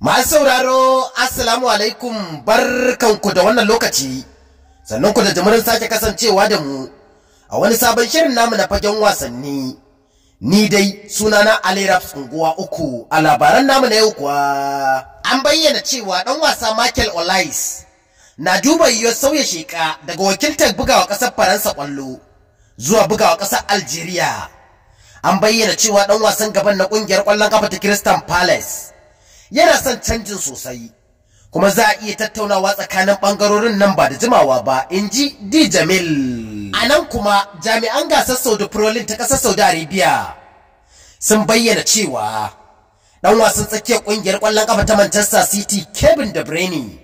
Masu sauraro, Assalamu alaikum barkanku da wannan lokaci, sannan ku da jimurin sake kasancewa da mu a wani sabon shirin namu na fagen wasanni. Ni dai sunana Ali Raps unguwa uku a labaran namu na yau kuwa. An bayyana cewa ɗan wasa Michael Olais na duba yiwuwar sauya sheka daga wakiltar bugawa ƙasar Faransa ƙwallo zuwa bugawa ƙasar Algeria. An bayyana cewa ɗan wasan gaban na ƙungiyar ƙwallon kafa ta Crystal Palace yana son canjin sosai kuma za a iya tattaunawa tsakanin ɓangarorin nan ba da jimawa ba in ji di jamil a nan kuma jami'an gasar saudi prolin ta ƙasar saudi arabia sun bayyana cewa ɗan wasan tsakiyar ƙungiyar ƙwallon ƙafa ta manchester city kevin de bruyne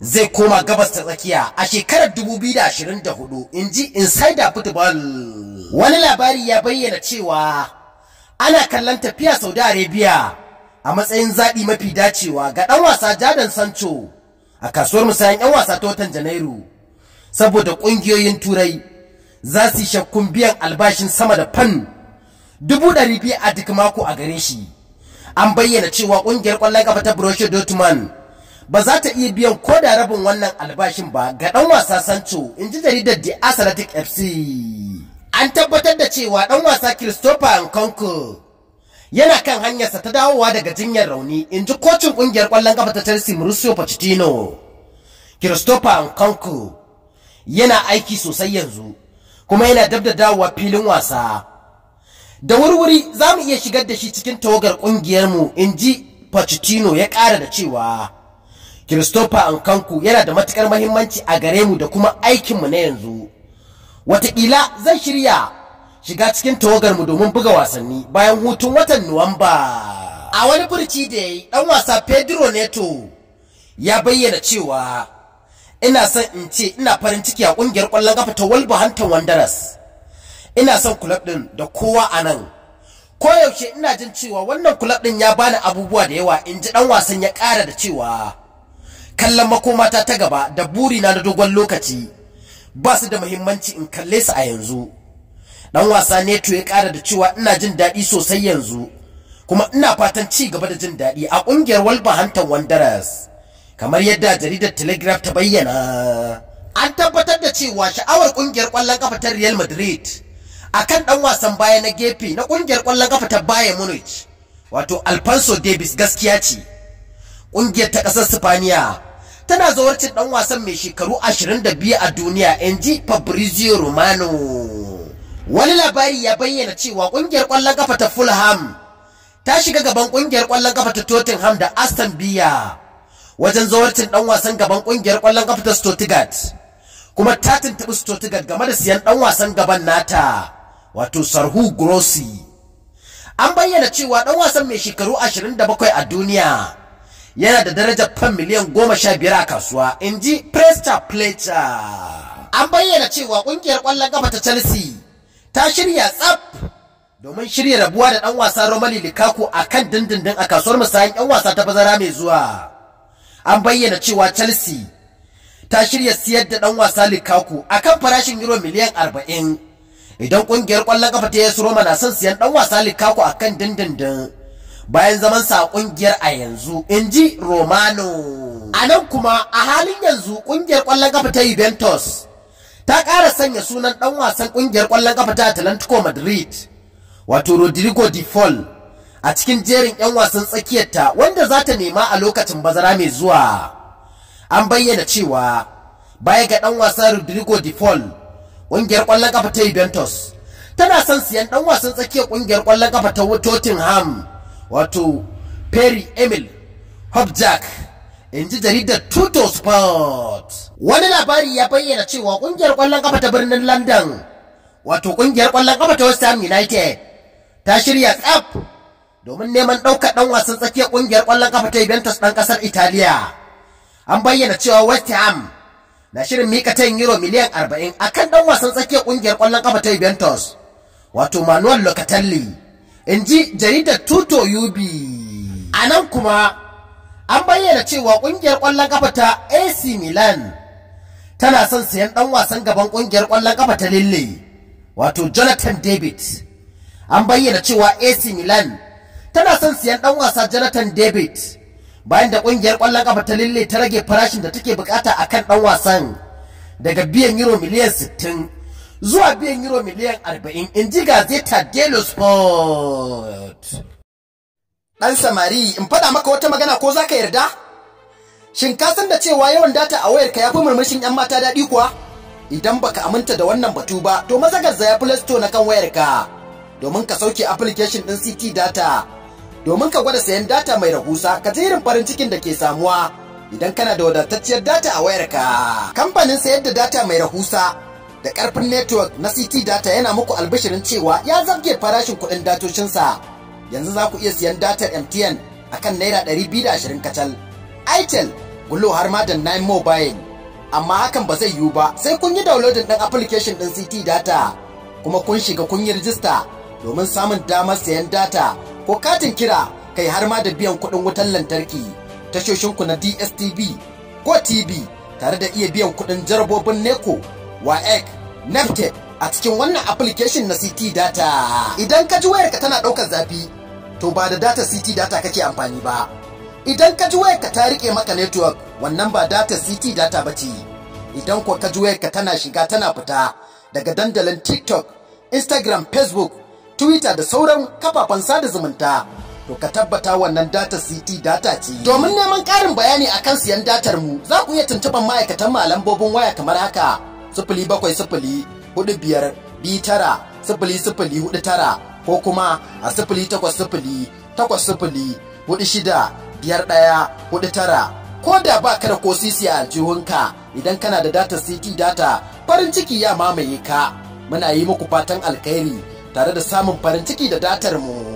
zai koma gabas ta tsakiya a shekarar 2024 in ji insider football wani labari ya bayyana cewa ana kallon tafiya saudi arabia a matsayin zaɓi mafi dacewa ga ɗan wasa Jadon Sancho a kasuwar musayan 'yan wasa ta watan Janairu saboda ƙungiyoyin Turai za su yi shakkun biyan albashin sama da fan dubu ɗari biyu a duk mako a gare shi an bayyana cewa ƙungiyar ƙwallon ƙafa ta Borussia Dortmund ba za ta iya biyan ko da rabin wannan albashin ba ga ɗan wasa Sancho in ji jaridar The Athletic FC an tabbatar da cewa ɗan wasa Christopher nkonko yana kan hanyarsa ta dawowa daga jinyar rauni in ji kocin kungiyar kwallon kafa ta Chelsea Mauricio Pochettino Christopher Nkunku yana aiki sosai yanzu kuma yana dabda dawowa filin wasa da wurwuri za mu iya shigar da shi cikin tawagar ƙungiyarmu in ji Pochettino ya ƙara da cewa Christopher Nkanku yana da matukar muhimmanci a gare mu da kuma aikinmu na yanzu. Watakila zan shirya shiga cikin tawagar mu domin buga wasanni bayan hutun watan Nuwamba. A wani furci da yayi ɗan wasa Pedro Neto ya bayyana cewa ina son in ce ina farin ciki a ƙungiyar kwallon kafa ta Wolverhampton Wanderers. Ina son club din da kowa a nan. Koyaushe ina jin cewa wannan club din ya bani abubuwa da yawa in ji ɗan wasan ya ƙara da cewa kallon makomata ta gaba da burina na dogon lokaci ba su da muhimmanci in kalle su a yanzu. dan wasa ne to ya kara da cewa ina jin daɗi sosai yanzu kuma ina fatan ci gaba da jin daɗi a ƙungiyar Wolverhampton Wanderers kamar yadda jaridar Telegraph ta bayyana an tabbatar da cewa sha'awar ƙungiyar kwallon ƙafa ta Real Madrid akan dan wasan baya na gefe na ƙungiyar kwallon ƙafa ta Bayern Munich wato Alfonso Davis gaskiya ce ƙungiyar ta ƙasar Sifaniya, tana zawarcin dan wasan mai shekaru 22 a duniya NG Fabrizio Romano wani labari ya bayyana cewa kungiyar kwallon kafa ta Fulham ta shiga gaban kungiyar kwallon kafa ta Tottenham da Aston Villa wajen zawarcin dan wasan gaban kungiyar kwallon kafa ta Stuttgart kuma ta tuntubi Stuttgart game da siyan dan wasan gaban nata wato Sarhu Grossi an bayyana cewa dan wasan mai shekaru 27 a duniya yana da darajar fan miliyan 15 a kasuwa inji Presta Pletcher. an bayyana cewa kungiyar kwallon kafa ta Chelsea ta shirya tsaf domin shirya rabuwa da ɗan wasa Romelu Lukaku a kan dindindin a kasuwar Musayin 'yan wasa ta bazara mai zuwa. An bayyana cewa Chelsea ta shirya siyar da ɗan wasa Lukaku a kan farashin euro miliyan arba'in. Idan ƙungiyar ƙwallon ƙafa ta yasu Roma na son siyan ɗan wasa Lukaku a kan dindindin bayan zaman sa ƙungiyar a yanzu, inji Romano. Anan kuma a halin yanzu ƙungiyar ƙwallon ƙafa ta Juventus ta ƙara sanya sunan ɗan wasan ƙungiyar ƙwallon ƙafa ta Atlantico Madrid wato Rodrigo de Paul, a cikin jerin 'yan wasan tsakiyarta wanda za ta nema a lokacin bazara mai zuwa an bayyana cewa baya ga ɗan wasan Rodrigo de Paul, ƙungiyar ƙwallon ƙafa ta Juventus tana son siyan ɗan wasan tsakiyar ƙungiyar ƙwallon ƙafa ta Tottenham wato Perry Emil Hopjack in ji jaridar Tuto Sport. Wani labari ya bayyana cewa kungiyar kwallon kafa ta birnin London, wato kungiyar kwallon kafa ta West Ham United, ta shirya tsaf domin neman ɗaukar ɗan wasan tsakiyar kungiyar kwallon kafa ta Juventus ɗan ƙasar Italiya. An bayyana cewa West Ham na shirin mika ta euro miliyan arba'in akan ɗan wasan tsakiyar kungiyar kwallon kafa ta Juventus, wato Manuel Locatelli, in ji jaridar Tuto UB. A nan kuma an bayyana cewa kungiyar kwallon kafa ta AC Milan tana son sayan dan wasan gaban kungiyar kwallon kafa ta Lille wato Jonathan David an bayyana cewa AC Milan tana son sayan dan wasa Jonathan David bayan da kungiyar kwallon kafa ta Lille ta rage farashin da take bukata akan dan wasan daga biyan euro miliyan 60 zuwa biyan euro miliyan 40 ji Gazeta dello Sport ɗan samari in faɗa maka wata magana ko za ka yarda shin ka san da cewa yawan data a wayarka ya fi murmushin 'yan mata daɗi kuwa idan baka aminta da wannan batu ba to maza ya play store na kan wayarka domin ka sauke application ɗin ct data domin ka gwada sayan data mai rahusa ka ji irin farin cikin da ke samuwa idan kana da wadatacciyar data a wayarka kamfanin sayar da data mai rahusa da karfin network na ct data yana muku albishirin cewa ya zabge farashin kuɗin datocinsa yanzu za ku iya siyan datar MTN a kan Naira 220 kacal. Itel, Gullo har ma da Nine Mobile. Amma hakan ba zai yiwu ba sai kun yi downloading ɗin application ɗin CT data kuma kun shiga kun yi rijista domin samun damar sayan data ko katin kira kai har ma da biyan kuɗin wutar lantarki tashoshinku na DSTV ko TV tare da iya biyan kuɗin jarabobin NECO, WAEC, NEPTEC a cikin wannan application na CT data. Idan ka ji wayarka tana ɗaukar zafi to ba da data city data kake amfani ba idan ka ji wayarka ta rike maka network wannan ba data city data ba ce idan ko ka ji wayarka tana shiga tana fita daga dandalin tiktok instagram facebook twitter da sauran kafafen sada zumunta to ka tabbata wannan data city data ce domin neman ƙarin bayani akan siyan datar mu za ku iya tuntuɓar ma'aikatan malambobin waya kamar haka sifili bakwai sifili hudu biyar biyu tara sifili sifili hudu tara ko kuma a sifili takwas sifili takwas sifili hudu shida biyar ɗaya hudu tara ko da ba ka da ko sisi a aljihunka idan kana da data city data farin ciki ya mamaye ka muna yi muku fatan alkhairi tare da samun farin ciki da datar mu.